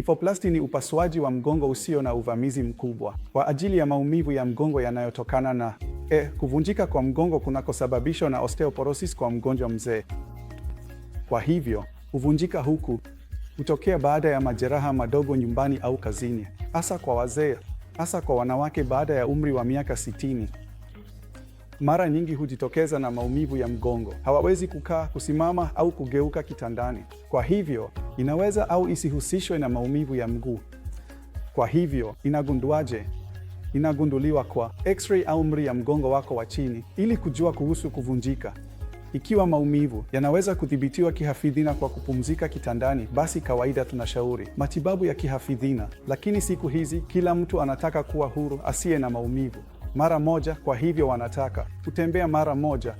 Kifoplasti ni upasuaji wa mgongo usio na uvamizi mkubwa kwa ajili ya maumivu ya mgongo yanayotokana na e, kuvunjika kwa mgongo kunakosababishwa na osteoporosis kwa mgonjwa mzee. Kwa hivyo huvunjika huku hutokea baada ya majeraha madogo nyumbani au kazini, hasa kwa wazee, hasa kwa wanawake baada ya umri wa miaka sitini mara nyingi hujitokeza na maumivu ya mgongo. Hawawezi kukaa, kusimama au kugeuka kitandani. Kwa hivyo inaweza au isihusishwe na maumivu ya mguu. Kwa hivyo inagunduaje? Inagunduliwa kwa x-ray au MRI ya mgongo wako wa chini ili kujua kuhusu kuvunjika. Ikiwa maumivu yanaweza kudhibitiwa kihafidhina kwa kupumzika kitandani, basi kawaida tunashauri matibabu ya kihafidhina, lakini siku hizi kila mtu anataka kuwa huru asiye na maumivu mara moja, kwa hivyo wanataka kutembea mara moja.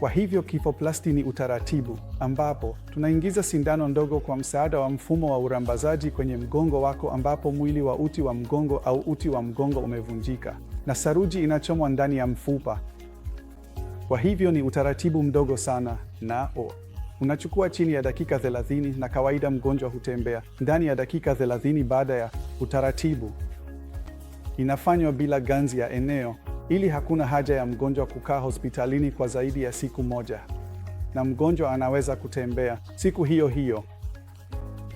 Kwa hivyo kifoplasti ni utaratibu ambapo tunaingiza sindano ndogo kwa msaada wa mfumo wa urambazaji kwenye mgongo wako, ambapo mwili wa uti wa mgongo au uti wa mgongo umevunjika na saruji inachomwa ndani ya mfupa. Kwa hivyo ni utaratibu mdogo sana o unachukua chini ya dakika 30, na kawaida mgonjwa hutembea ndani ya dakika 30 baada ya utaratibu inafanywa bila ganzi ya eneo, ili hakuna haja ya mgonjwa kukaa hospitalini kwa zaidi ya siku moja, na mgonjwa anaweza kutembea siku hiyo hiyo.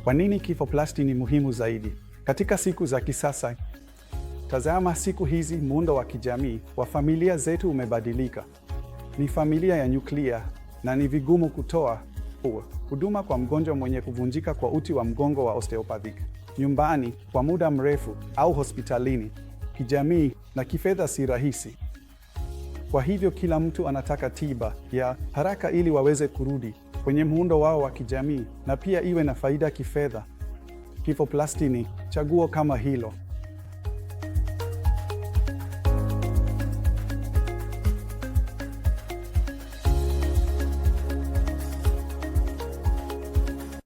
Kwa nini kifoplasti ni muhimu zaidi katika siku za kisasa? Tazama, siku hizi muundo wa kijamii wa familia zetu umebadilika. Ni familia ya nyuklia na ni vigumu kutoa huduma kwa mgonjwa mwenye kuvunjika kwa uti wa mgongo wa osteopathic nyumbani kwa muda mrefu au hospitalini kijamii na kifedha si rahisi. Kwa hivyo kila mtu anataka tiba ya haraka ili waweze kurudi kwenye muundo wao wa kijamii na pia iwe na faida kifedha. kifoplastini chaguo kama hilo.